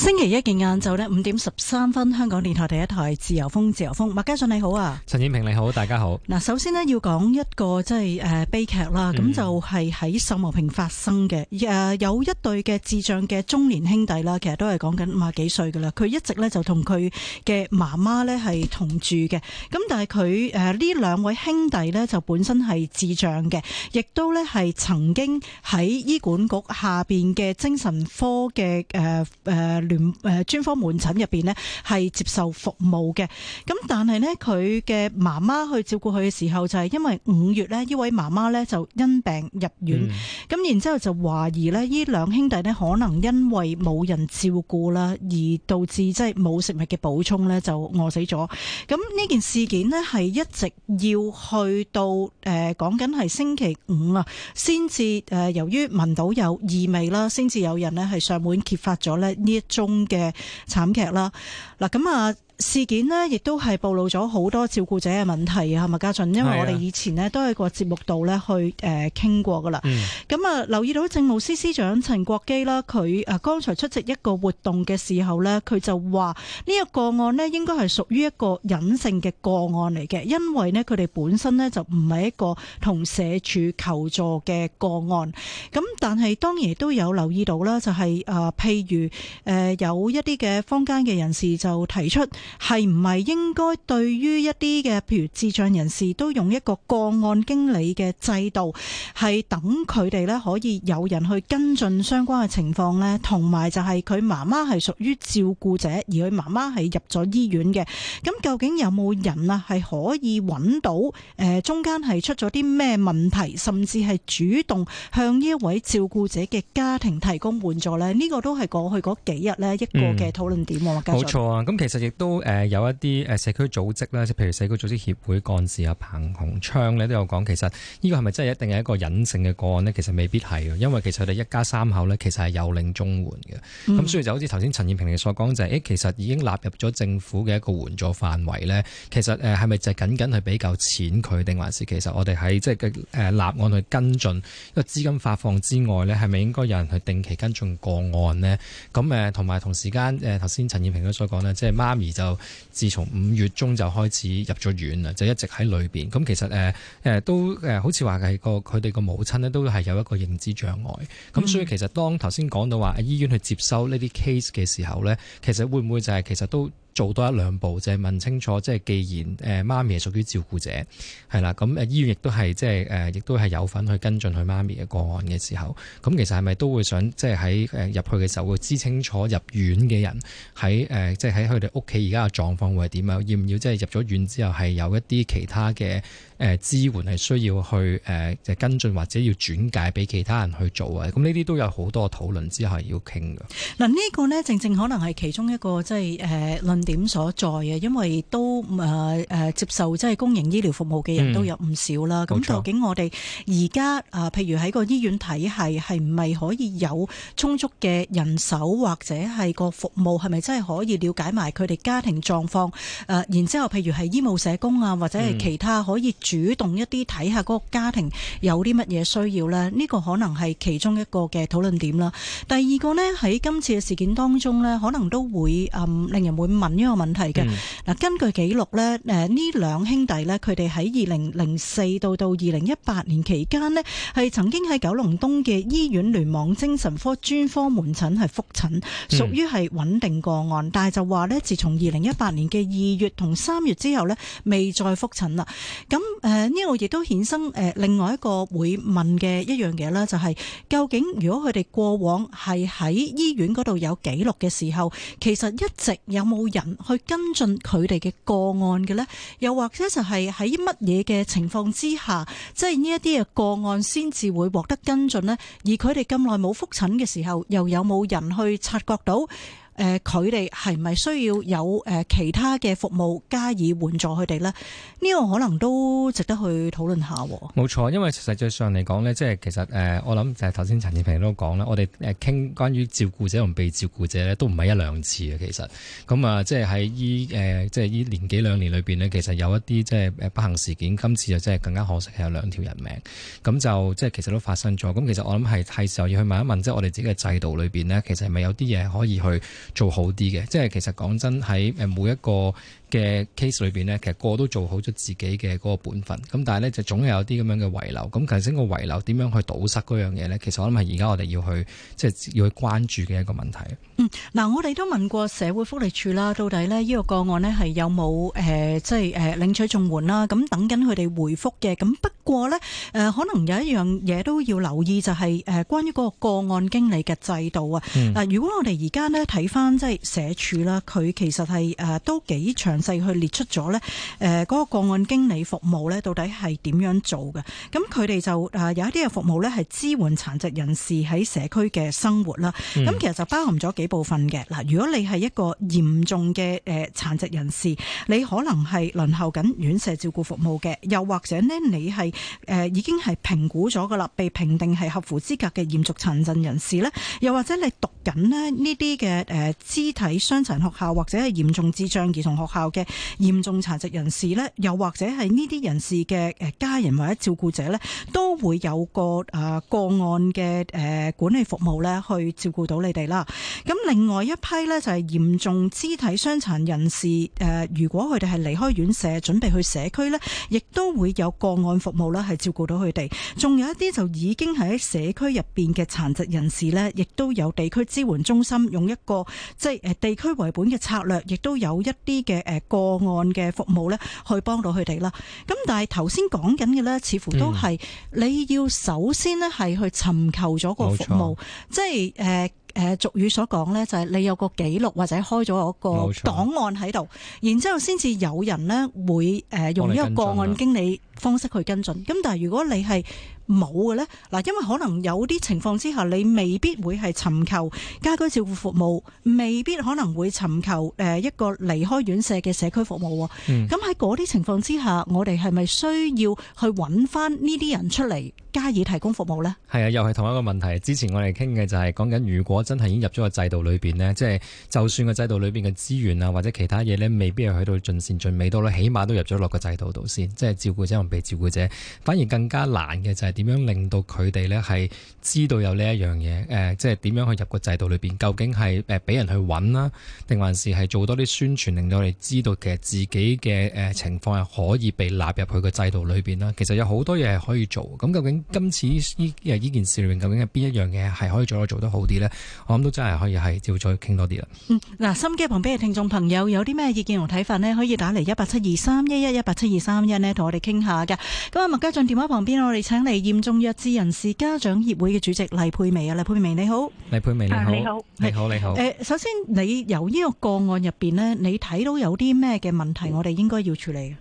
星期一嘅晏晝呢，五點十三分，香港電台第一台自由風，自由風，麥家俊你好啊，陳燕平你好，大家好。嗱，首先呢，要講一個即係誒悲劇啦，咁、嗯、就係喺秀茂坪發生嘅誒，有一對嘅智障嘅中年兄弟啦，其實都係講緊五十幾歲噶啦，佢一直呢，就同佢嘅媽媽呢係同住嘅，咁但係佢誒呢兩位兄弟呢，就本身係智障嘅，亦都呢係曾經喺醫管局下邊嘅精神科嘅誒誒。呃呃聯誒專科門診入邊咧，係接受服務嘅。咁但係咧，佢嘅媽媽去照顧佢嘅時候，就係因為五月咧，呢位媽媽咧就因病入院。咁然之後就懷疑咧，呢兩兄弟咧可能因為冇人照顧啦，而導致即係冇食物嘅補充咧，就餓死咗。咁呢件事件咧，係一直要去到誒講緊係星期五啊，先至誒由於聞到有異味啦，先至有人咧係上門揭發咗咧呢一中嘅慘劇啦，嗱，咁啊。事件呢亦都係暴露咗好多照顧者嘅問題啊，係咪家俊？因為我哋以前呢都喺個節目度呢去誒傾過噶啦。咁、嗯、啊，留意到政務司司長陳國基啦，佢誒剛才出席一個活動嘅時候呢，佢就話呢、這個個案呢應該係屬於一個隱性嘅個案嚟嘅，因為呢，佢哋本身呢就唔係一個同社署求助嘅個案。咁但係當然都有留意到啦，就係、是、誒、呃、譬如誒、呃、有一啲嘅坊間嘅人士就提出。係唔係應該對於一啲嘅譬如智障人士都用一個個案經理嘅制度，係等佢哋咧可以有人去跟進相關嘅情況呢？同埋就係佢媽媽係屬於照顧者，而佢媽媽係入咗醫院嘅。咁究竟有冇人啊係可以揾到誒中間係出咗啲咩問題，甚至係主動向呢一位照顧者嘅家庭提供援助呢？呢個都係過去嗰幾日呢一個嘅討論點。嗯嗯，冇錯啊！咁其實亦都。誒有一啲誒社區組織啦，即係譬如社區組織協會幹事啊，彭洪昌咧都有講，其實呢個係咪真係一定係一個隱性嘅個案呢？其實未必係，因為其實佢哋一家三口呢，其實係有領綜援嘅。咁、嗯、所以就好似頭先陳燕平所講，就係誒，其實已經納入咗政府嘅一個援助範圍呢。其實誒係咪就係僅僅係俾夠錢佢，定還是其實我哋喺即係嘅誒立案去跟進一個資金發放之外呢？係咪應該有人去定期跟進個案呢？咁誒同埋同時間誒頭先陳燕平都所講咧，即係媽咪就。就自從五月中就開始入咗院啦，就一直喺裏面。咁其實誒、呃、都好似話係個佢哋個母親呢都係有一個認知障礙。咁、嗯、所以其實當頭先講到話醫院去接收呢啲 case 嘅時候呢，其實會唔會就係其實都？做多一兩步，就係問清楚，即係既然媽、呃、咪係屬於照顧者，係啦，咁、嗯、誒醫院亦、呃、都係即係亦都係有份去跟進佢媽咪嘅個案嘅時候，咁、嗯、其實係咪都會想即係喺、呃、入去嘅時候，會知清楚入院嘅人喺、呃、即係喺佢哋屋企而家嘅狀況會係點啊？要唔要即係入咗院之後係有一啲其他嘅？誒支援係需要去誒，跟進或者要轉介俾其他人去做啊！咁呢啲都有好多討論之下要傾嘅。嗱，呢個呢，正正可能係其中一個即係誒論點所在，因為都誒接受即係公營醫療服務嘅人都有唔少啦、嗯。咁究竟我哋而家啊，譬如喺個醫院體系，係咪可以有充足嘅人手，或者係個服務係咪真係可以了解埋佢哋家庭狀況？誒，然之後譬如係醫務社工啊，或者係其他可以。主動一啲睇下嗰個家庭有啲乜嘢需要呢？呢、這個可能係其中一個嘅討論點啦。第二個呢，喺今次嘅事件當中呢，可能都會、嗯、令人會問呢個問題嘅。嗱、嗯，根據記錄呢，呢兩兄弟呢，佢哋喺二零零四到到二零一八年期間呢，係曾經喺九龍東嘅醫院聯網精神科專科門診係復診，屬於係穩定個案，嗯、但係就話呢，自從二零一八年嘅二月同三月之後呢，未再復診啦。咁誒、呃，呢個亦都衍生誒另外一個會問嘅一樣嘢啦，就係、是、究竟如果佢哋過往係喺醫院嗰度有記錄嘅時候，其實一直有冇人去跟進佢哋嘅個案嘅呢？又或者就係喺乜嘢嘅情況之下，即係呢一啲嘅個案先至會獲得跟進呢？而佢哋咁耐冇復診嘅時候，又有冇人去察覺到？誒佢哋係咪需要有誒其他嘅服務加以援助佢哋呢？呢、呢個可能都值得去討論下。冇錯，因為實際上嚟講呢，即係其實誒，我諗就係頭先陳志平都講啦，我哋誒傾關於照顧者同被照顧者咧，都唔係一兩次嘅。其實咁啊，即係喺呢誒，即係呢年幾兩年裏邊呢，其實有一啲即係不幸事件，今次就真係更加可惜係有兩條人命。咁就即係其實都發生咗。咁其實我諗係係時候要去問一問，即係我哋自己嘅制度裏邊呢，其實係咪有啲嘢可以去？做好啲嘅，即係其實講真喺誒每一個。嘅 case 裏邊咧，其實個個都做好咗自己嘅嗰個本分，咁但係咧就總係有啲咁樣嘅遺留，咁頭先個遺留點樣去堵塞嗰樣嘢咧？其實我諗係而家我哋要去即係要去關注嘅一個問題。嗯，嗱，我哋都問過社會福利署啦，到底咧呢個個案咧係有冇誒、呃、即係誒、呃、領取綜援啦？咁等緊佢哋回復嘅。咁不過咧誒、呃、可能有一樣嘢都要留意就係、是、誒關於個個案經理嘅制度啊。嗱、嗯，如果我哋而家咧睇翻即係社署啦，佢其實係誒、呃、都幾長。細去列出咗呢誒，嗰、呃嗰個個案經理服務呢到底係點樣做嘅？咁佢哋就誒、呃、有一啲嘅服務呢係支援殘疾人士喺社區嘅生活啦。咁、嗯、其實就包含咗幾部分嘅。嗱，如果你係一個嚴重嘅誒殘疾人士，你可能係輪候緊院舍照顧服務嘅，又或者呢你係誒已經係評估咗噶啦，被評定係合乎資格嘅嚴重殘疾人士咧，又或者你，、呃、了或者你讀緊咧呢啲嘅誒肢體傷殘學校或者係嚴重智障兒童學校。或者是嘅嚴重殘疾人士咧，又或者係呢啲人士嘅誒家人或者照顧者咧，都會有個誒個案嘅誒管理服務咧，去照顧到你哋啦。咁另外一批咧，就係嚴重肢體傷殘人士誒，如果佢哋係離開院舍準備去社區咧，亦都會有個案服務呢係照顧到佢哋。仲有一啲就已經係喺社區入邊嘅殘疾人士咧，亦都有地區支援中心用一個即係、就是、地區為本嘅策略，亦都有一啲嘅誒。個案嘅服務咧，去幫到佢哋啦。咁但係頭先講緊嘅咧，似乎都係你要首先呢，係去尋求咗個服務，嗯、即係誒。呃誒俗語所講呢，就係你有個記錄或者開咗個檔案喺度，然之後先至有人呢會誒用一個個案經理方式去跟進。咁但係如果你係冇嘅呢，嗱，因為可能有啲情況之下，你未必會係尋求家居照顧服務，未必可能會尋求誒一個離開院舍嘅社區服務。咁喺嗰啲情況之下，我哋係咪需要去揾翻呢啲人出嚟？加以提供服務咧，係啊，又係同一個問題。之前我哋傾嘅就係講緊，如果真係已經入咗個制度裏邊咧，即係就算個制度裏邊嘅資源啊，或者其他嘢咧，未必係去到盡善盡美，到啦，起碼都入咗落個制度度先。即係照顧者同被照顧者，反而更加難嘅就係點樣令到佢哋咧係知道有呢一樣嘢。誒，呃，即係點樣去入個制度裏邊？究竟係誒俾人去揾啦，定還是係做多啲宣傳令到我哋知道其實自己嘅誒情況係可以被納入去個制度裏邊啦？其實有好多嘢係可以做。咁究竟？今次呢誒件事裏面究竟係邊一樣嘢係可以再做得好啲呢？我諗都真係可以係照再傾多啲啦。嗱、嗯，心機旁邊嘅聽眾朋友有啲咩意見同睇法呢？可以打嚟一八七二三一一一八七二三一呢，同我哋傾下㗎。咁啊，麥家俊電話旁邊，我哋請嚟嚴重弱智人士家長協會嘅主席黎沛薇啊，黎沛薇你好。黎沛薇你好、啊、你好，你好，你好。誒、呃，首先你由呢個個案入邊呢，你睇到有啲咩嘅問題，我哋應該要處理嘅。誒、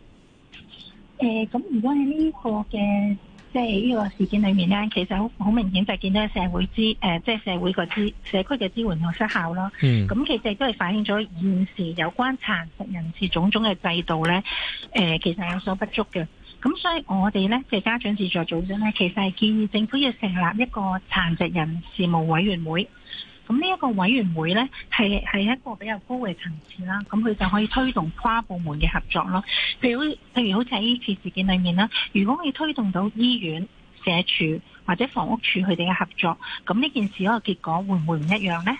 嗯，咁、呃、如果係呢個嘅。即係呢個事件裏面咧，其實好好明顯就係見到社會支，誒、呃，即係社會個支，社區嘅支援同失效咯。咁、嗯、其實亦都係反映咗現時有關殘疾人士種種嘅制度咧，誒、呃，其實有所不足嘅。咁所以我哋咧，即家長自助組織咧，其實係建議政府要成立一個殘疾人事務委員會。咁呢一個委員會呢，係係一個比較高嘅層次啦，咁佢就可以推動跨部門嘅合作咯。譬如譬如好似喺呢次事件裏面啦，如果可以推動到醫院、社署，或者房屋署佢哋嘅合作，咁呢件事嗰個結果會唔會唔一樣呢？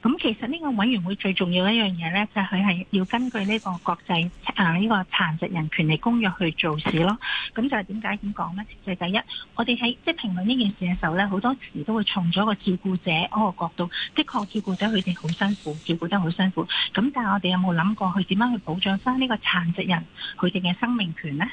咁其實呢個委員會最重要一樣嘢呢，就係佢係要根據呢個國際啊呢個殘疾人權利公約去做事咯。咁就係點解點講呢？就係第一，我哋喺即係評論呢件事嘅時候呢，好多時都會從咗個照顧者嗰個角度，的確照顧者佢哋好辛苦，照顧得好辛苦。咁但係我哋有冇諗過去點樣去保障翻呢個殘疾人佢哋嘅生命權呢？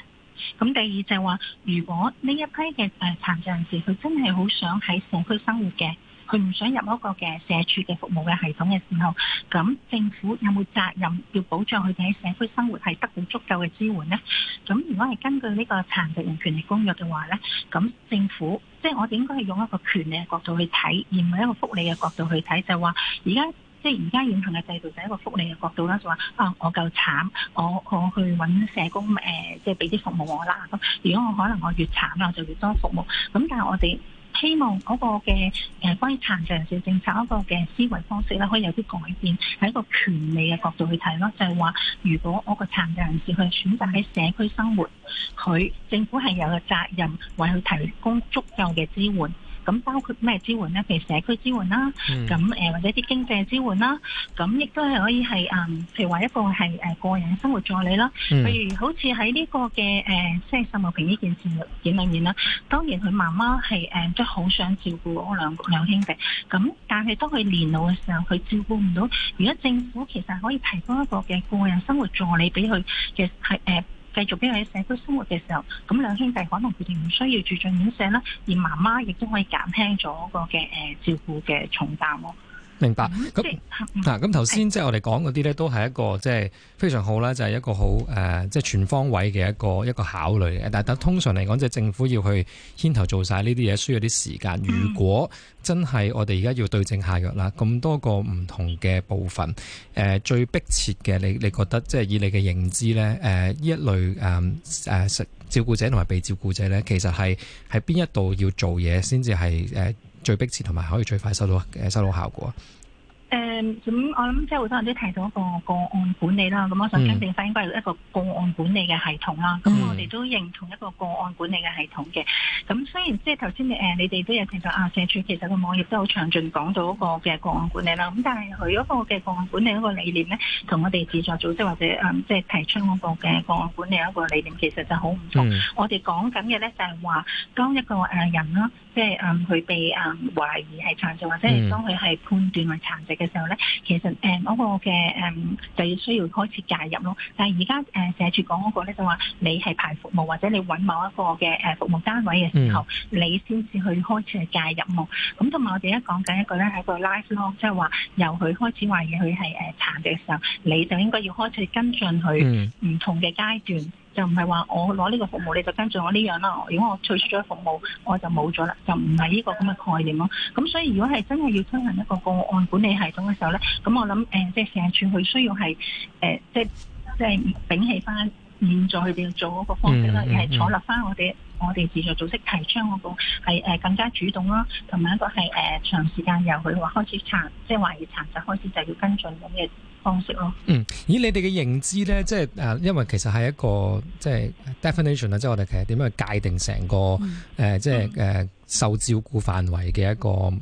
咁第二就話，如果呢一批嘅誒殘疾人士佢真係好想喺社區生活嘅，佢唔想入一個嘅社署嘅服務嘅系統嘅時候，咁政府有冇責任要保障佢哋喺社區生活係得到足夠嘅支援呢？咁如果係根據呢個殘疾人權利公約嘅話呢，咁政府即係、就是、我哋應該係用一個權利嘅角度去睇，而唔係一個福利嘅角度去睇，就話而家。即係而家現行嘅制度就係一個福利嘅角度啦，就話啊我夠慘，我我去搵社工誒、呃，即係俾啲服務我啦。咁如果我可能我越慘啦，我就越多服務。咁但係我哋希望嗰個嘅誒關於殘疾人士政策嗰個嘅思維方式咧，可以有啲改變，喺一個權利嘅角度去睇咯，就係話如果我個殘疾人士去選擇喺社區生活，佢政府係有個責任為佢提供足夠嘅支援。咁包括咩支援咧？譬如社區支援啦，咁、嗯、或者啲經濟支援啦，咁亦都係可以係譬如話一個係誒個人生活助理啦，譬、嗯、如好似喺呢個嘅誒，即係秀茂坪呢件事件裏面啦。當然佢媽媽係誒都好想照顧嗰兩兩兄弟，咁但係當佢年老嘅時候，佢照顧唔到。如果政府其實可以提供一個嘅個人生活助理俾佢嘅繼續俾佢喺社區生活嘅時候，咁兩兄弟可能佢哋唔需要住進院舍啦，而媽媽亦都可以減輕咗個嘅誒照顧嘅重擔。明白咁。嗱，咁頭先即係我哋講嗰啲咧，都係一個即係非常好啦，就係一個好誒，即係全方位嘅一個一個考慮嘅。但通常嚟講，即係政府要去牽頭做晒呢啲嘢，需要啲時間。如果真係我哋而家要對症下藥啦，咁多個唔同嘅部分、呃，最迫切嘅，你你覺得即係以你嘅認知咧，呢、呃、一類誒、呃、照顧者同埋被照顧者咧，其實係喺邊一度要做嘢先至係誒最迫切，同埋可以最快收到，誒收到效果啊！誒、嗯，咁、嗯、我諗即係好多人都提到一個個案管理啦，咁我想跟正反映翻一個個案管理嘅系統啦。咁我哋都認同一個個案管理嘅系統嘅。咁雖然即係頭先誒，你哋都有提到啊，社署其實個網頁都好詳盡講到一個嘅個案管理啦。咁但係佢嗰個嘅個案管理嗰個理念咧，同我哋自助組織或者誒，即、呃、係提出嗰個嘅個案管理一個理念，其實就好唔同。嗯、我哋講緊嘅咧，就係話當一個誒人啦。即係誒佢被誒、嗯、懷疑係殘疾，或者係當佢係判斷為殘疾嘅時候咧，其實誒嗰個嘅誒就要需要開始介入咯。但係而家誒社署講嗰個咧就話，你係排服務或者你揾某一個嘅誒服務單位嘅時候，嗯、你先至去開始去介入。咁同埋我哋一講緊一個咧係一個 life 咯，即係話由佢開始懷疑佢係誒殘疾嘅時候，你就應該要開始跟進佢唔同嘅階段。嗯就唔係話我攞呢個服務你就跟住我呢樣啦。如果我退出咗服務，我就冇咗啦，就唔係呢個咁嘅概念咯。咁所以如果係真係要推行一個個案管理系統嘅時候咧，咁我諗誒，即係成處佢需要係誒，即係即係摒棄翻現在佢哋做嗰個方式啦，而、嗯、係、嗯嗯、坐立翻我哋。我哋自助組織提倡嗰個係更加主動咯，同埋一個係誒長時間由佢話開始查，即係懷疑查實開始就要跟進咁嘅方式咯。嗯，以你哋嘅認知咧，即係誒，因為其實係一個即係 definition 啊，即係我哋其實點樣去界定成個誒、嗯呃，即係誒。嗯受照顧範圍嘅一個誒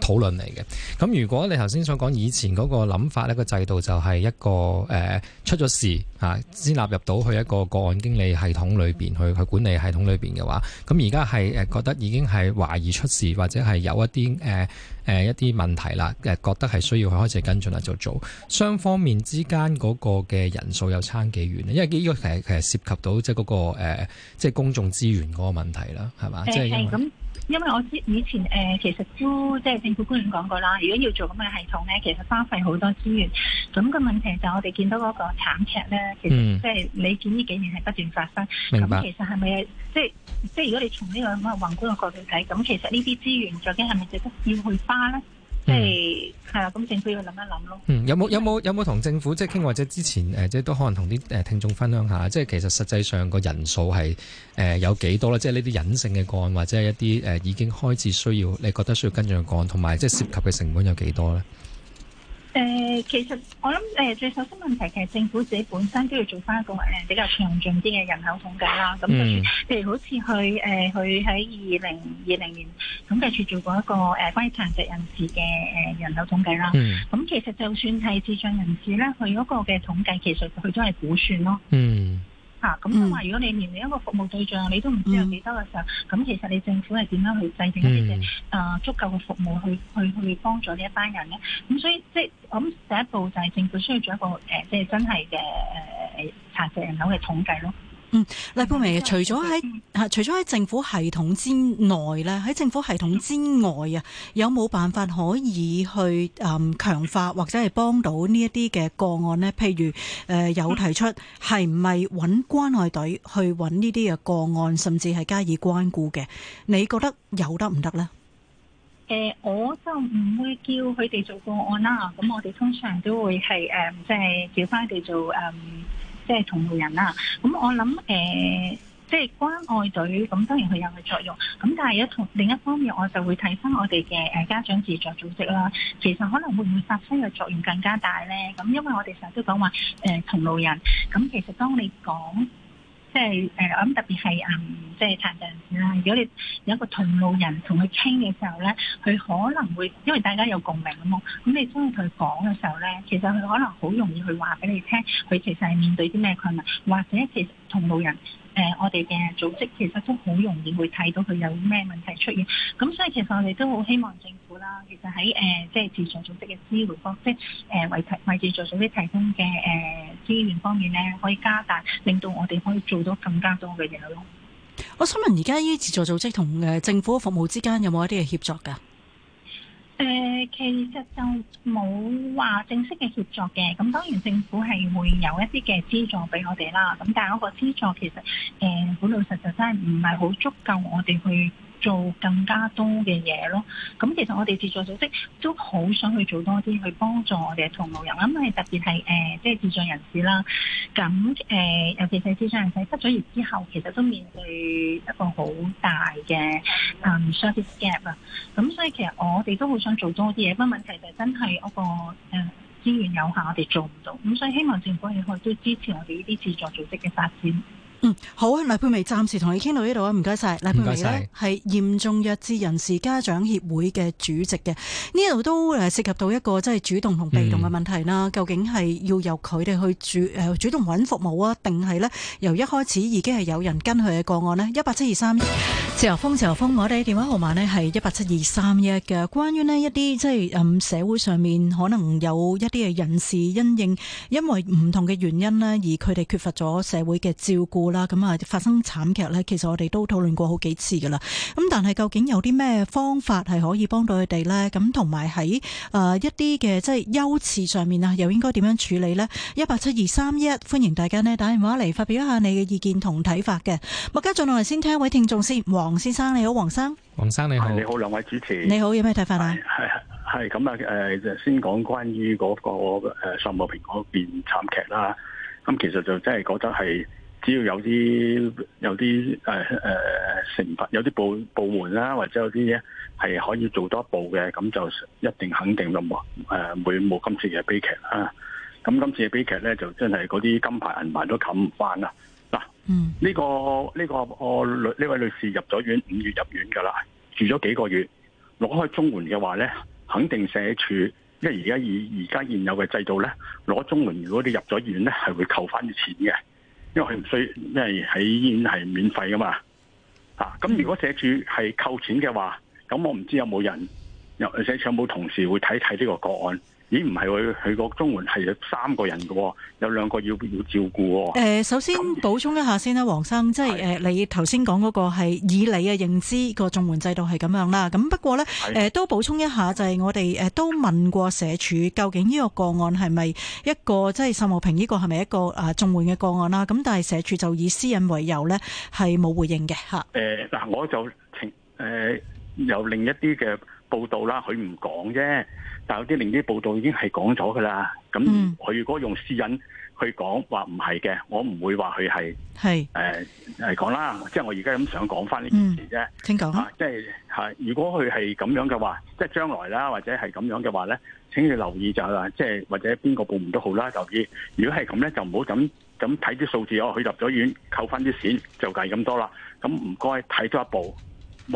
討論嚟嘅。咁、呃、如果你頭先想講以前嗰個諗法呢、呢個制度就係一個誒、呃、出咗事、啊、先納入到去一個個案經理系統裏面，去去管理系統裏面嘅話，咁而家係誒覺得已經係懷疑出事或者係有一啲誒、呃呃、一啲問題啦，誒覺得係需要佢開始跟進啦，就做雙方面之間嗰個嘅人數有差幾遠？因為呢個其實其實涉及到即係、那、嗰個、呃、即係公眾資源嗰個問題啦，係嘛？係因咁。因為我之以前誒、呃，其實都即係政府官員講過啦。如果要做咁嘅系統咧，其實花費好多資源。咁、個問題就係我哋見到嗰個慘劇咧，其實、嗯、即係你見呢幾年係不斷發生。明白。咁其實係咪即係即係如果你從呢個咁嘅宏觀嘅角度睇，咁其實呢啲資源究竟係咪值得要去花咧？即係係啦，咁政府要諗一諗咯。嗯，有冇有冇有冇同政府即係傾，或者之前誒，即係都可能同啲誒聽眾分享下，即係其實實際上個人數係誒有幾多啦？即係呢啲隱性嘅個案，或者係一啲誒已經開始需要，你覺得需要跟進嘅個案，同埋即係涉及嘅成本有幾多咧？誒、呃，其實我諗誒、呃，最首先問題，其實政府自己本身都要做翻一個誒比較詳盡啲嘅人口統計啦。咁、嗯、就算譬如好似去誒，佢喺二零二零年統計處做過一個誒、呃、關於殘疾人士嘅誒人口統計啦。咁、嗯、其實就算係智障人士咧，佢嗰個嘅統計其實佢都係估算咯。嗯。咁、啊、因為、就是、如果你連你一個服務對象你都唔知有幾多嘅時候，咁、嗯、其實你政府係點樣去制定一啲嘅足夠嘅服務去去去幫助呢一班人咧？咁所以即係，咁第一步就係政府需要做一個、呃、即係真係嘅誒殘疾人口嘅統計咯。嗯，黎沛薇，除咗喺吓，除咗喺政府系統之內呢，喺政府系統之外啊，有冇辦法可以去誒強化或者係幫到呢一啲嘅個案呢？譬如誒有提出係唔係揾關愛隊去揾呢啲嘅個案，甚至係加以關顧嘅，你覺得有得唔得呢？誒，我就唔會叫佢哋做個案啦。咁我哋通常都會係誒，即係叫返佢哋做誒。即係同路人啦，咁我諗誒、呃，即係關愛隊，咁、嗯、當然佢有佢作用，咁但係一同另一方面，我就會睇返我哋嘅誒家長自助組織啦。其實可能會唔會發揮嘅作用更加大咧。咁、嗯、因為我哋成日都講話誒同路人，咁、嗯、其實當你講。即係誒，咁、 我諗、特別係啊，即係殘疾人士啦。如果你有一個同路人同佢傾嘅時候咧，佢可能會因為大家有共鳴啊嘛。咁你中意佢講嘅時候咧，其實佢可能好容易去話俾你聽，佢其實係面對啲咩困難，或者其實同路人。誒、呃，我哋嘅組織其實都好容易會睇到佢有咩問題出現，咁所以其實我哋都好希望政府啦，其實喺誒、呃，即係自助組織嘅支援方式，誒、呃、為提為自助組織提供嘅誒資源方面咧，可以加大，令到我哋可以做到更加多嘅嘢咯。我想問，而家呢啲自助組織同誒政府服務之間有冇一啲嘅協作㗎？誒、呃，其實就冇話正式嘅協助嘅，咁當然政府係會有一啲嘅資助俾我哋啦，咁但係嗰個資助其實，誒、呃、好老實就真係唔係好足夠我哋去。做更加多嘅嘢咯，咁其實我哋自助組織都好想去做多啲，去幫助我哋嘅同路人，咁係特別係誒，即、呃、係、就是、智障人士啦。咁誒、呃，尤其是智障人士畢咗業之後，其實都面對一個好大嘅 s 誒雙邊 gap 啊。咁、嗯嗯、所以其實我哋都好想做多啲嘢，不過問題就是真係一、那個誒、呃、資源有限，我哋做唔到。咁所以希望政府亦都支持我哋呢啲自助組織嘅發展。嗯，好，黎沛薇暫時同你傾到呢度啊，唔該晒，黎沛薇咧係嚴重弱智人士家長協會嘅主席嘅。呢度都誒涉及到一個即係主動同被動嘅問題啦、嗯。究竟係要由佢哋去主誒、呃、主動揾服務啊，定係咧由一開始已經係有人跟佢嘅個案咧？一八七二三一，自由風自由風，我哋電話號碼咧係一八七二三一嘅。關於呢一啲即係誒、嗯、社會上面可能有一啲嘅人士因應因為唔同嘅原因咧，而佢哋缺乏咗社會嘅照顧。啦，咁啊發生慘劇咧，其實我哋都討論過好幾次噶啦。咁但係究竟有啲咩方法係可以幫到佢哋咧？咁同埋喺誒一啲嘅即係優次上面啊，又應該點樣處理呢？一八七二三一，歡迎大家呢打電話嚟發表一下你嘅意見同睇法嘅。麥家俊，落嚟先聽一位聽眾先，黃先生你好，黃生，黃生你好，你好，兩位主持，你好，有咩睇法啊？係係咁啊，誒先講關於嗰個誒秀茂坪嗰邊慘劇啦。咁其實就真係覺得係。只要有啲有啲誒誒成分，有啲、呃、部部門啦，或者有啲嘢係可以做多一步嘅，咁就一定肯定嘅喎。誒、呃，唔冇今次嘅悲劇啊！咁今次嘅悲劇咧，就真係嗰啲金牌銀牌都冚唔翻啦。嗱、啊，呢、嗯這個呢、這個我這律呢位女士入咗院，五月入院㗎啦，住咗幾個月，攞開綜援嘅話咧，肯定社署，因為而家以而家現，現有嘅制度咧，攞綜援如果你入咗院咧，係會扣翻啲錢嘅。因為佢唔需要，因為喺醫院係免費噶嘛，啊，咁如果社署係扣錢嘅話，咁我唔知有冇人寫有社署有冇同事會睇睇呢個個案。咦，唔係佢佢個綜援係有三個人㗎喎，有兩個要要照顧喎、呃。首先補充一下先啦，黃生，即係你頭先講嗰個係以你嘅認知、個綜援制度係咁樣啦。咁不過咧、呃，都補充一下，就係、是、我哋都問過社署，究竟呢個個案係咪一個即係秀茂坪呢個係咪一個誒綜援嘅個案啦？咁但係社署就以私隱為由咧，係冇回應嘅嚇。嗱、呃，我就請、呃、有另一啲嘅報道啦，佢唔講啫。但有啲另啲報道已經係講咗噶啦，咁佢如果用私隱去講話唔係嘅，我唔會話佢係係誒係講啦，即係、呃就是、我而家咁想講翻呢件事啫。請、嗯、講，即係、啊就是啊、如果佢係咁樣嘅話，即、就、係、是、將來啦，或者係咁樣嘅話咧，請你留意就係、是、啦，即係或者邊個部門都好啦，留意、是、如果係咁咧，就唔好咁咁睇啲數字哦，佢入咗院扣翻啲錢就計咁多啦。咁唔該睇多一步，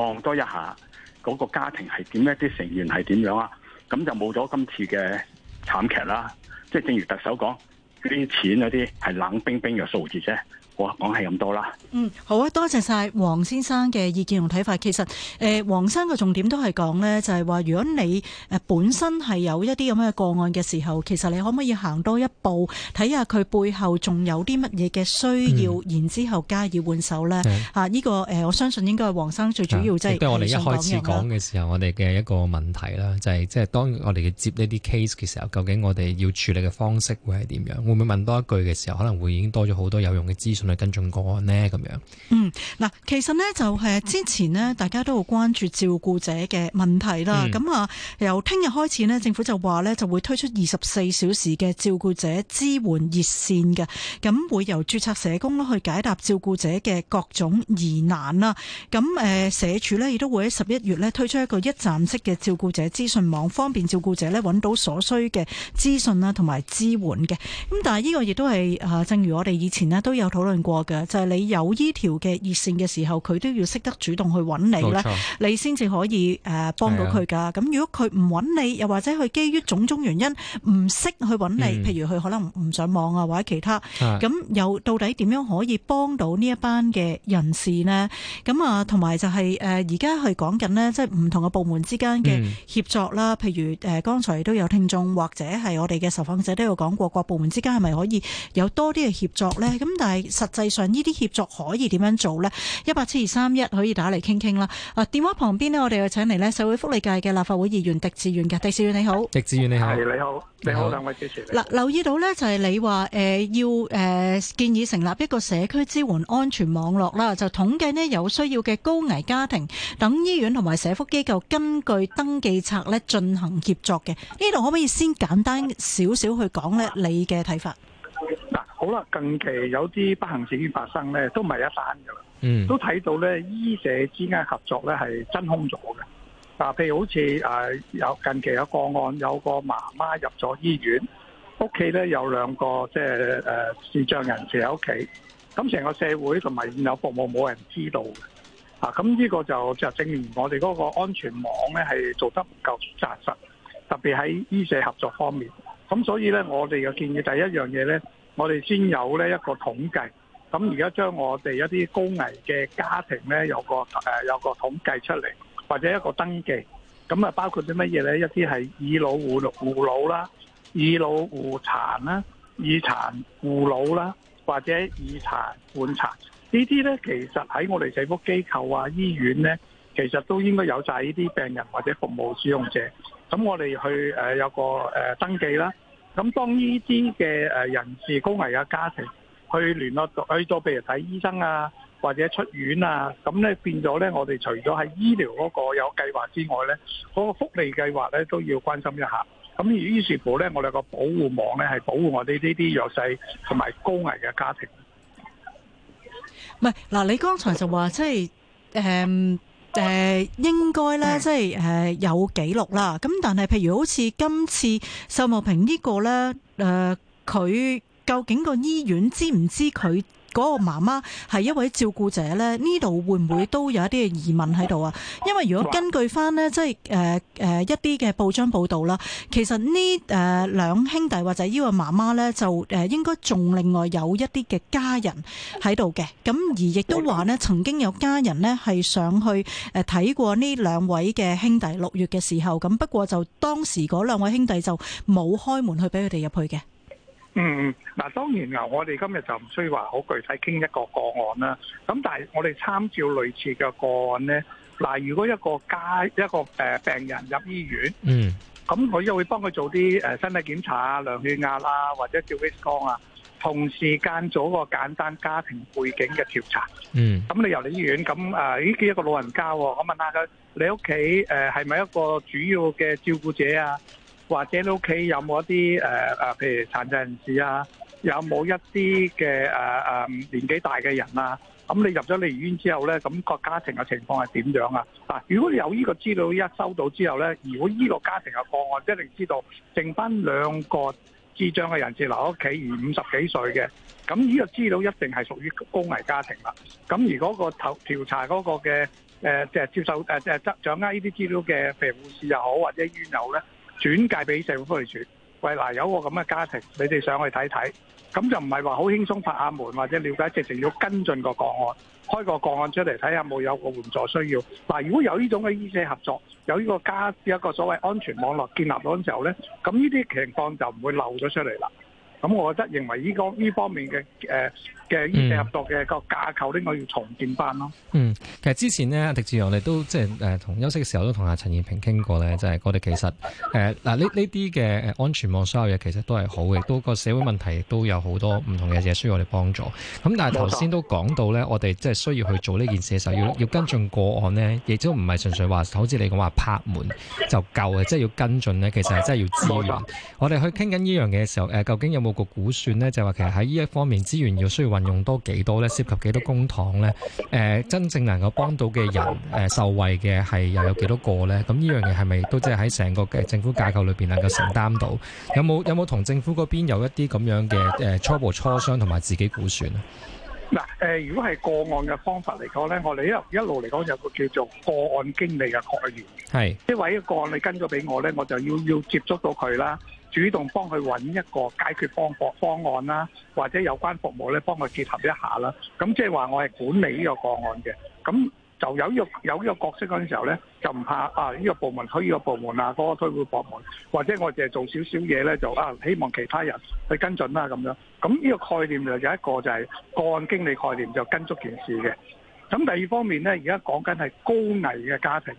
望多一下嗰、那個家庭係點，一啲成員係點樣啊？咁就冇咗今次嘅慘劇啦，即係正如特首講，啲錢嗰啲係冷冰冰嘅數字啫。我講係咁多啦。嗯，好啊，多謝晒黃先生嘅意見同睇法。其實，誒、呃、黃生嘅重點都係講呢，就係、是、話如果你誒本身係有一啲咁嘅個案嘅時候，其實你可唔可以行多一步，睇下佢背後仲有啲乜嘢嘅需要，嗯、然之後加以換手呢？嚇，呢、啊這個誒、呃，我相信應該係黃生最主要即係。我哋一開始講嘅時候，我哋嘅一個問題啦、就是，就係即係當我哋接呢啲 case 嘅時候，究竟我哋要處理嘅方式會係點樣？會唔會問多一句嘅時候，可能會已經多咗好多有用嘅資訊。同埋跟進個案呢，咁樣。嗯，嗱，其實呢，就係之前呢，大家都會關注照顧者嘅問題啦。咁、嗯、啊，由聽日開始呢，政府就話呢就會推出二十四小時嘅照顧者支援熱線嘅，咁會由註冊社工去解答照顧者嘅各種疑難啦。咁誒，社署呢，亦都會喺十一月呢，推出一個一站式嘅照顧者資訊網，方便照顧者呢揾到所需嘅資訊啦同埋支援嘅。咁但係呢個亦都係正如我哋以前呢都有討論。過嘅就係、是、你有呢條嘅熱線嘅時候，佢都要識得主動去揾你咧，你先至可以誒、呃、幫到佢噶。咁、哎、如果佢唔揾你，又或者佢基於種種原因唔識去揾你、嗯，譬如佢可能唔上網啊或者其他，咁、嗯、又到底點樣可以幫到呢一班嘅人士呢？咁啊，同埋就係誒而家係講緊呢，即係唔同嘅部門之間嘅協作啦、嗯。譬如誒、呃、剛才都有聽眾或者係我哋嘅受訪者都有講過，各部門之間係咪可以有多啲嘅協作呢？咁但係。實際上呢啲協作可以點樣做咧？一八七二三一可以打嚟傾傾啦。啊，電話旁邊呢我哋又請嚟呢社會福利界嘅立法會議員狄志遠嘅，狄志遠你好。狄志遠你好，係你好，你好，兩位主持人。嗱、啊，留意到呢就係、是、你話誒、呃、要誒、呃、建議成立一個社區支援安全網絡啦，就統計呢有需要嘅高危家庭等醫院同埋社福機構根據登記冊呢進行協作嘅呢度，可唔可以先簡單少少去講呢你嘅睇法？嗱，好啦，近期有啲不幸事件發生咧，都唔係一單噶啦，都睇到咧醫社之間合作咧係真空咗嘅。嗱，譬如好似誒，有近期有個案，有個媽媽入咗醫院，屋企咧有兩個即係誒智障人士喺屋企，咁成個社會同埋現有服務冇人知道嘅。啊，咁呢個就就證明我哋嗰個安全網咧係做得唔夠紮實，特別喺醫社合作方面。咁所以咧，我哋嘅建議第一樣嘢咧，我哋先有咧一個統計。咁而家將我哋一啲高危嘅家庭咧，有個誒、有個統計出嚟，或者一個登記，咁啊，包括啲乜嘢咧？一啲係以老護老啦，以老護殘啦，以殘護老啦，或者以殘換殘。呢啲咧，其實喺我哋社福機構啊、醫院咧，其實都應該有晒呢啲病人或者服務使用者。咁我哋去誒、呃、有個誒、呃、登記啦。咁當呢啲嘅誒人士高危嘅家庭去聯絡去做，譬如睇醫生啊，或者出院啊，咁咧變咗咧，我哋除咗喺醫療嗰個有計劃之外咧，嗰個福利計劃咧都要關心一下。咁於是乎咧，我哋個保護網咧係保護我哋呢啲弱勢同埋高危嘅家庭。唔係嗱，你剛才就話即係誒誒、呃，應該咧，即係誒、呃、有記錄啦。咁但係，譬如好似今次秀茂坪呢個咧，誒、呃，佢究竟個醫院知唔知佢？嗰、嗰個媽媽係一位照顧者咧，呢度會唔會都有一啲疑問喺度啊？因為如果根據翻呢，即係一啲嘅報章報導啦，其實呢誒兩兄弟或者呢個媽媽呢，就誒應該仲另外有一啲嘅家人喺度嘅。咁而亦都話呢，曾經有家人呢係上去睇過呢兩位嘅兄弟，六月嘅時候，咁不過就當時嗰兩位兄弟就冇開門去俾佢哋入去嘅。嗯，嗱，當然啊，我哋今日就唔需要話好具體傾一個個案啦。咁但係我哋參照類似嘅個案咧，嗱，如果一個家一個誒病人入醫院，嗯，咁我又會幫佢做啲誒身體檢查啊，量血壓啦，或者照 X 光啊，同時間做個簡單家庭背景嘅調查。嗯，咁你由你醫院，咁誒呢啲一個老人家喎，我問下佢，你屋企誒係咪一個主要嘅照顧者啊？或者你屋企有冇一啲誒誒，譬如殘疾人士啊，有冇一啲嘅誒誒年紀大嘅人啊？咁你入咗嚟醫院之後咧，咁、個家庭嘅情況係點樣啊？嗱，如果你有呢個資料一收到之後咧，如果呢個家庭嘅個案一定知道，剩翻兩個智障嘅人士留喺屋企，而五十幾歲嘅，咁呢個資料一定係屬於高危家庭啦。咁如果個投調查嗰個嘅誒，即、呃、係接受誒即係執掌握呢啲資料嘅譬如護士又、啊、好或者醫護咧？轉介俾社會福利署，喂，嗱，有個咁嘅家庭，你哋上去睇睇，咁就唔係話好輕鬆拍下門或者了解，直情要跟進個個案，開個個案出嚟睇下冇有個援助需要。嗱，如果有呢種嘅醫社合作，有呢個家一個所謂安全網絡建立咗嘅時候呢，咁呢啲情況就唔會漏咗出嚟啦。咁我覺得認為呢個呢方面嘅誒。呃嘅合作嘅個架構咧，我要重建翻咯。嗯，其實之前呢，狄志遠我哋都即係同休息嘅時候都同阿陳燕平傾過咧，就係、是、我哋其實誒嗱呢呢啲嘅安全網所有嘢其實都係好嘅，都個社會問題亦都有好多唔同嘅嘢需要我哋幫助。咁但係頭先都講到咧，我哋即係需要去做呢件事嘅時候，要要跟進個案呢，亦都唔係純粹話好似你講話拍門就夠嘅，即、就、係、是、要跟進呢。其實真係要資源。我哋去傾緊呢樣嘢嘅時候、呃，究竟有冇個估算呢？就話、是、其實喺呢一方面資源要需要運用多幾多咧？涉及幾多公帑咧？誒，真正能夠幫到嘅人，誒受惠嘅係又有幾多個咧？咁呢樣嘢係咪都即係喺成個嘅政府架構裏邊能夠承擔到？有冇有冇同政府嗰邊有一啲咁樣嘅誒初步磋商同埋自己估算啊？嗱，誒，如果係個案嘅方法嚟講咧，我哋一路一路嚟講有個叫做個案經理嘅概念，係因為個案你跟咗俾我咧，我就要要接觸到佢啦。主動幫佢揾一個解決方法方案啦，或者有關服務咧幫佢結合一下啦。咁即係話我係管理呢個個案嘅，咁就有呢個有呢個角色嗰陣時候咧，就唔怕啊呢個部門去呢個部門啊，嗰個推嗰部門，或者我淨係做少少嘢咧，就啊希望其他人去跟進啦咁樣。咁呢個概念就有一個就係個案經理概念，就跟足件事嘅。咁第二方面咧，而家講緊係高危嘅家庭，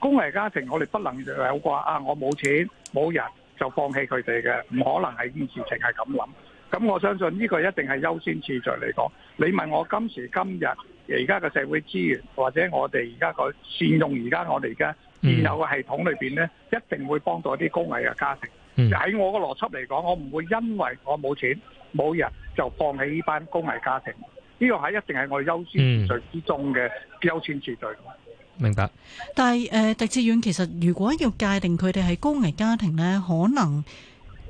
高危家庭我哋不能有個啊，我冇錢冇人。就放棄佢哋嘅，唔可能係呢件事情係咁諗。咁我相信呢個一定係優先次序嚟講。你問我今時今日而家嘅社會資源，或者我哋而家個善用而家我哋而家現有嘅系統裏邊咧，一定會幫到啲高危嘅家庭。喺、嗯、我個邏輯嚟講，我唔會因為我冇錢冇人就放棄呢班高危家庭。呢、這個係一定係我哋優先次序之中嘅優先次序。嗯明白，但係誒，狄志遠，其實如果要界定佢哋係高危家庭咧，可能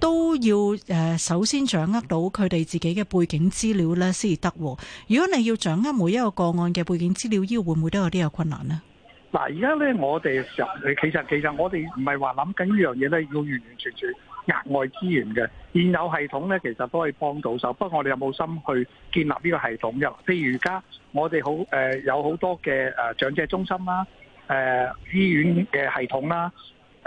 都要誒首先掌握到佢哋自己嘅背景資料咧先至得。如果你要掌握每一個個案嘅背景資料，依會唔會都有啲有困難咧？嗱，而家咧我哋上，其實其實我哋唔係話諗緊呢樣嘢咧，要完完全全。額外資源嘅現有系統咧，其實都可以幫到手。不過我哋有冇心去建立呢個系統嘅？譬如而家我哋好誒、呃、有好多嘅誒長者中心啦、誒、呃、醫院嘅系統啦、誒、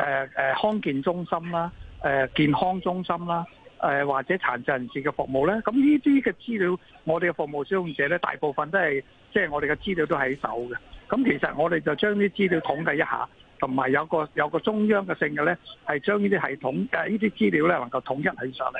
呃、誒康健中心啦、誒、呃、健康中心啦、誒、呃、或者殘疾人士嘅服務咧。咁呢啲嘅資料，我哋嘅服務使用者咧，大部分都係即係我哋嘅資料都喺手嘅。咁其實我哋就將啲資料統計一下。同埋有個有個中央嘅性嘅呢，係將呢啲系統誒呢啲資料呢能夠統一起上嚟。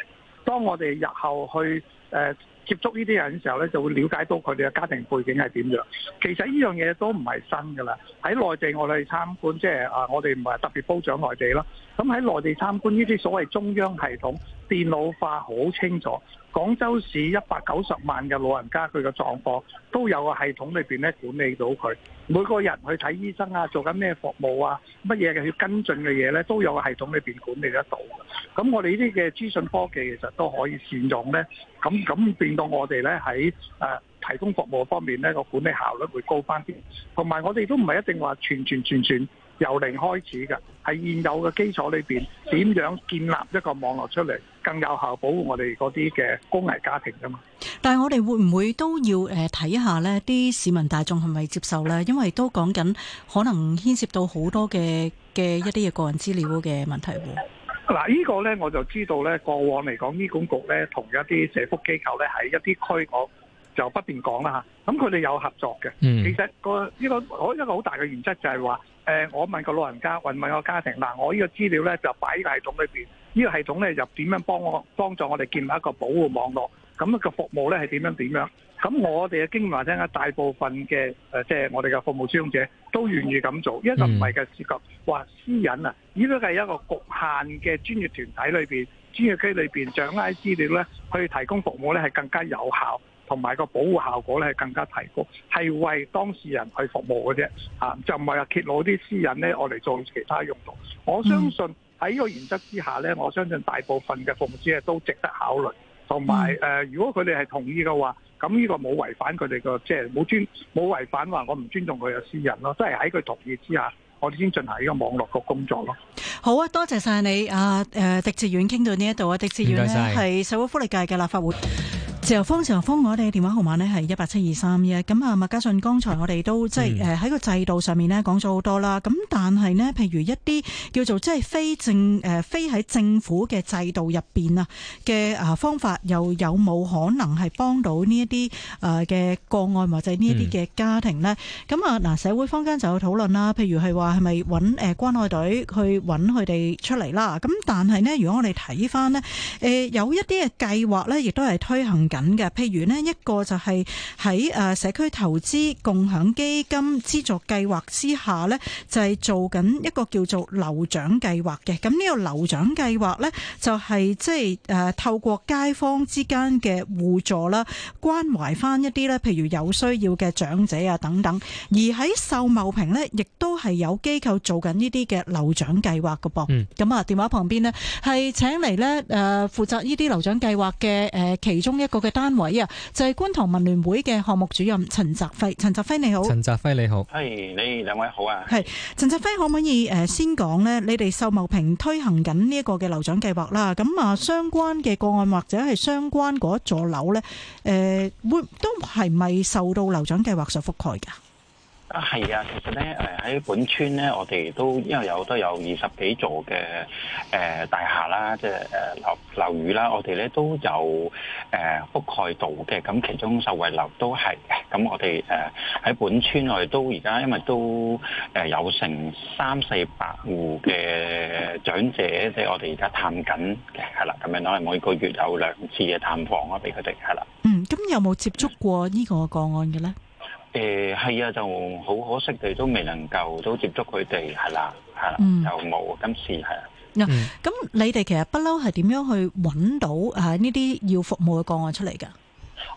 當我哋日後去誒、呃、接觸呢啲人嘅時候呢就會了解到佢哋嘅家庭背景係點樣。其實呢樣嘢都唔係新嘅啦。喺內地我哋參觀，即係啊，我哋唔係特別褒獎內地啦。咁喺內地參觀呢啲所謂中央系統。電腦化好清楚，廣州市一百九十萬嘅老人家佢嘅狀況都有個系統裏邊咧管理到佢，每個人去睇醫生啊，做緊咩服務啊，乜嘢嘅要跟進嘅嘢咧都有個系統裏邊管理得到嘅。咁我哋呢啲嘅資訊科技其實都可以善用咧。咁咁變到我哋咧喺誒提供服務方面咧個管理效率會高返啲。同埋我哋都唔係一定話全全全全由零開始嘅，係現有嘅基礎裏邊點樣建立一個網絡出嚟。更有效保護我哋嗰啲嘅高危家庭噶嘛？但係我哋會唔會都要誒睇下咧？啲市民大眾係咪接受咧？因為都講緊可能牽涉到好多嘅嘅一啲嘅個人資料嘅問題喎。嗱、這個，呢個咧我就知道咧，過往嚟講，醫管局咧同一啲社福機構咧喺一啲區，我就不便講啦嚇。咁佢哋有合作嘅、嗯，其實個呢個我一個好大嘅原則就係話誒，我問個老人家，問問個家庭，嗱，我呢個資料咧就擺喺系統裏邊。呢、這個系統咧又點樣幫我幫助我哋建立一個保護網絡？咁個服務咧係點樣點樣？咁我哋嘅經驗話、啊、聽大部分嘅誒，即、呃、係、就是、我哋嘅服務使用者都願意咁做，因為唔係嘅，涉及話私隱啊，呢個係一個局限嘅專業團體裏邊、專業區裏邊掌握資料咧，去提供服務咧係更加有效，同埋個保護效果咧係更加提高，係為當事人去服務嘅啫、啊，就唔係話揭露啲私隱咧，我嚟做其他用途。我相信。嗯喺呢個原則之下咧，我相信大部分嘅服務資咧都值得考慮。同埋誒，如果佢哋係同意嘅話，咁呢個冇違反佢哋嘅，即係冇尊冇違反話我唔尊重佢嘅私人咯，即係喺佢同意之下，我哋先進行呢個網絡個工作咯。好啊，多謝晒你啊，誒，呃、狄志遠傾到呢一度啊，狄志遠呢係社會福利界嘅立法會。自由風，自由風，我哋電話號碼咧係一八七二三一。咁啊，麥家信，剛才我哋都即係誒喺個制度上面咧講咗好多啦。咁、嗯、但係咧，譬如一啲叫做即係非政誒非喺政府嘅制度入邊啊嘅啊方法，又有冇可能係幫到呢一啲誒嘅個案或者呢一啲嘅家庭咧？咁啊嗱，社會坊間就有討論啦，譬如係話係咪揾誒關愛隊去揾佢哋出嚟啦？咁但係咧，如果我哋睇翻咧，誒、呃、有一啲嘅計劃咧，亦都係推行緊。嘅，譬如咧一個就係喺誒社區投資共享基金資助計劃之下咧，就係做緊一個叫做樓長計劃嘅。咁呢個樓長計劃咧，就係即係誒透過街坊之間嘅互助啦，關懷翻一啲咧，譬如有需要嘅長者啊等等。而喺秀茂坪咧，亦都係有機構做緊呢啲嘅樓長計劃噶噃。嗯。咁啊，電話旁邊咧係請嚟咧誒負責呢啲樓長計劃嘅誒其中一個嘅。單位啊，就係、是、觀塘文聯會嘅項目主任陳澤輝，陳澤輝你好。陳澤輝你好，係你兩位好啊。係陳澤輝，可唔可以誒先講呢？你哋秀茂坪推行緊呢一個嘅樓長計劃啦，咁啊相關嘅個案或者係相關嗰一座樓咧，誒、呃、會都係咪受到樓長計劃所覆蓋噶？啊，係啊，其實咧，誒喺本村咧，我哋都因為有都有二十幾座嘅、誒、呃、大廈啦，即係誒樓樓宇啦，我哋咧都有誒覆蓋到嘅。咁、呃、其中受惠樓都係，咁我哋誒喺本村我都，我哋都而家因為都誒、呃、有成三四百戶嘅長者，即、就、係、是、我哋而家探緊嘅，係啦、啊。咁樣我哋每個月有兩次嘅探訪啊，俾佢哋係啦。嗯，咁有冇接觸過呢個個案嘅咧？誒、欸，係啊，就好可惜哋都未能夠都接觸佢哋，係啦、啊，係啦、啊，就冇、嗯、今次係啦。嗱、啊，咁、嗯、你哋其實不嬲係點樣去揾到呢啲要服務嘅個案出嚟噶？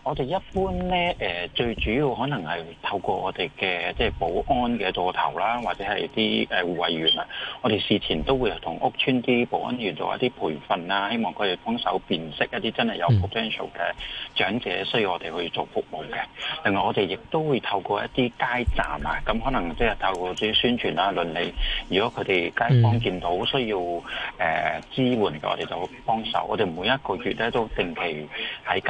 我哋一般咧，誒、呃、最主要可能係透過我哋嘅即係保安嘅座頭啦，或者係啲誒護衛員啊。我哋事前都會同屋邨啲保安員做一啲培訓啦，希望佢哋幫手辨識一啲真係有 potential 嘅長者需要我哋去做服務嘅。另外我哋亦都會透過一啲街站啊，咁可能即係透過啲宣傳啦、倫理，如果佢哋街坊見到需要誒、呃、支援嘅，我哋就幫手。我哋每一個月咧都定期喺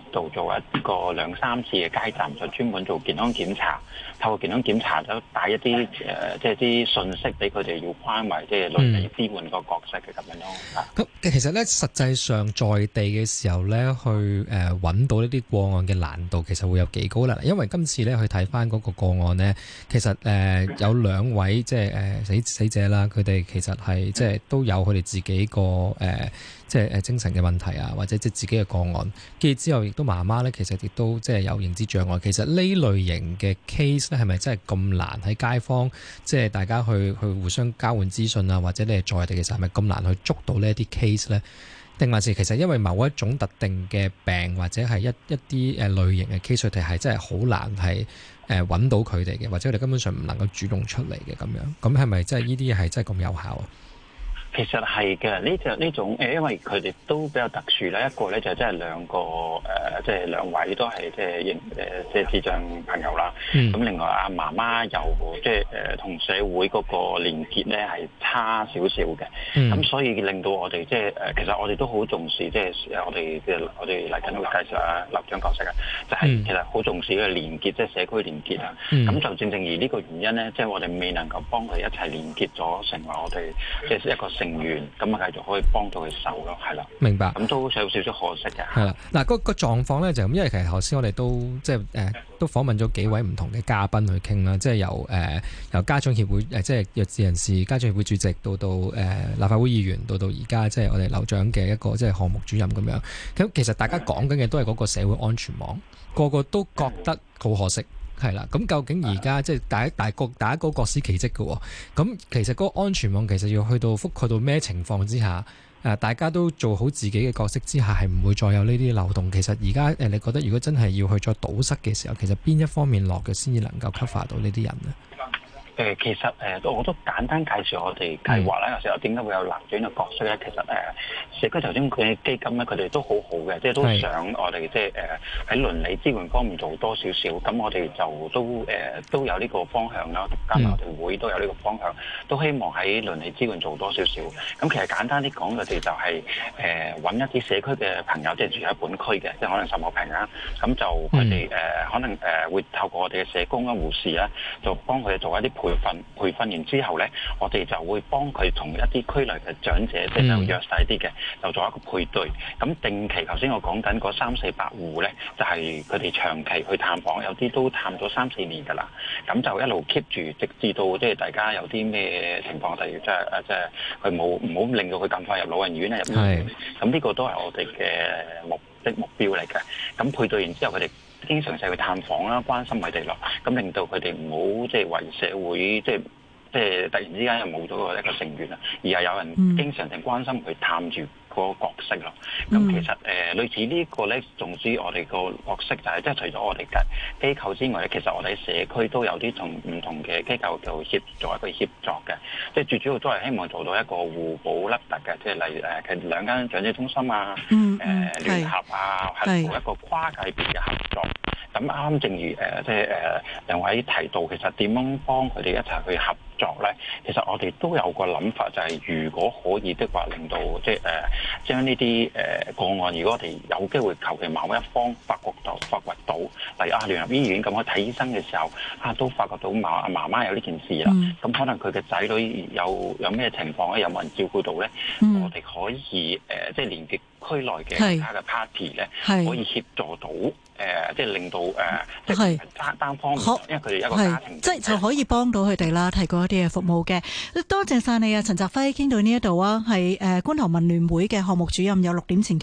街度做一那個兩三次嘅街站，就專門做健康檢查，透過健康檢查就帶一啲誒、呃，即係啲信息俾佢哋，要關懷，即係嚟理支援個角色嘅咁、嗯、樣。咁其實咧，實際上在地嘅時候咧，去誒揾、呃、到呢啲個案嘅難度，其實會有幾高啦。因為今次咧去睇翻嗰個個案咧，其實誒、呃、有兩位即係誒、呃、死死者啦，佢哋其實係即係都有佢哋自己個誒。呃即係誒精神嘅問題啊，或者即係自己嘅個案。跟住之後，亦都媽媽咧，其實亦都即係有認知障礙。其實呢類型嘅 case 咧，係咪真係咁難喺街坊，即係大家去去互相交換資訊啊，或者你係在地，其實係咪咁難去捉到呢一啲 case 咧？定還是其實因為某一種特定嘅病或者係一一啲誒類型嘅 case，佢哋係真係好難係誒揾到佢哋嘅，或者佢哋、呃、根本上唔能夠主動出嚟嘅咁樣。咁係咪即係呢啲係真係咁有效啊？其實係嘅，呢就呢種誒，因為佢哋都比較特殊啦。一個咧就真係兩個誒，即係兩位都係即係認誒，即係智障朋友啦。咁、嗯、另外阿媽媽又即係誒同社會嗰個連結咧係差少少嘅。咁、嗯、所以令到我哋即係誒，其實我哋都好重視即係、就是、我哋即係我哋嚟緊會介紹啊，立長角色啊，就係、是嗯、其實好重視嘅連結，即、就、係、是、社區連結啊。咁、嗯、就正正而呢個原因咧，即、就、係、是、我哋未能夠幫佢一齊連結咗，成為我哋即係一個。成員咁啊，繼續可以幫到佢手咯，係啦，明白。咁都有少少可惜嘅，係啦。嗱、那個，嗰個狀況咧就咁，因為其實頭先我哋都即係誒、呃，都訪問咗幾位唔同嘅嘉賓去傾啦，即係由誒、呃、由家長協會誒，即係弱智人士家長協會主席，到到誒、呃、立法會議員，到到而家即係我哋樓長嘅一個即係項目主任咁樣。咁其實大家講緊嘅都係嗰個社會安全網，個個都覺得好可惜。係啦，咁究竟而家即係大一、大、啊、各、大一各司其職嘅，咁、哦、其實個個安全網其實要去到覆蓋到咩情況之下，誒、啊，大家都做好自己嘅角色之下，係唔會再有呢啲漏洞。其實而家誒，你覺得如果真係要去再堵塞嘅時候，其實邊一方面落嘅先至能夠 cover 到呢啲人呢？呃、其實誒都、呃、我都簡單介紹我哋計劃啦。有時候我點解會有難轉嘅角色咧？其實誒、呃、社區頭先佢基金咧，佢哋都好好嘅，即係都想我哋即係誒喺倫理資源方面做多少少。咁我哋就都誒、呃、都有呢個方向啦。加上我哋會都有呢個方向，嗯、都希望喺倫理資源做多少少。咁其實簡單啲講，佢哋就係誒揾一啲社區嘅朋友，即係住喺本區嘅，即係可能什麼平啊，咁就佢哋誒可能誒、呃、會透過我哋嘅社工啊、護士啊，就幫佢哋做一啲。培訓培訓完之後咧，我哋就會幫佢同一啲區內嘅長者，mm -hmm. 即係弱勢啲嘅，就做一個配對。咁定期頭先我講緊嗰三四百戶咧，就係佢哋長期去探訪，有啲都探咗三四年噶啦。咁就一路 keep 住，直至到即係大家有啲咩情況，例如即係即係佢冇唔好令到佢咁快入老人院咧。入去。咁呢、mm -hmm. 個都係我哋嘅目的目標嚟嘅。咁配對完之後，佢哋。經常性去探訪啦，關心佢哋咯，咁令到佢哋唔好即係為社會，即係即係突然之間又冇咗一個成員啦，而係有人經常性關心佢探住。個角色咯，咁其實誒、呃、類似個呢個咧，總之我哋個角色就係、是、即係除咗我哋嘅機構之外，其實我哋社區都有啲同唔同嘅機構就協做一個協作嘅，即係最主要都係希望做到一個互補凹凸嘅，即係例如誒，其、呃、兩間長者中心啊，誒、嗯呃、聯合啊，去做一個跨界別嘅合作。咁啱啱正如、呃、即係誒、呃、兩位提到，其實點樣幫佢哋一齊去合？作咧，其實我哋都有個諗法，就係、是、如果可以的話，令到即係誒、呃，將呢啲誒個案，如果我哋有機會求其某一方發覺到發掘到，例如啊聯合醫院咁，去睇醫生嘅時候啊，都發覺到媽阿媽有呢件事啦咁、嗯、可能佢嘅仔女有有咩情況咧，有冇人照顧到咧、嗯？我哋可以誒、呃，即係連結區內嘅其他嘅 party 咧，可以協助到誒、呃，即係令到誒、呃，即係單單方面，好因為佢哋一個家庭，即係、就是、就可以幫到佢哋啦，提供一啲嘅服務嘅、嗯。多謝晒你啊，陳澤輝，傾到呢一度啊，係誒觀塘民聯會嘅項目主任，有六點前。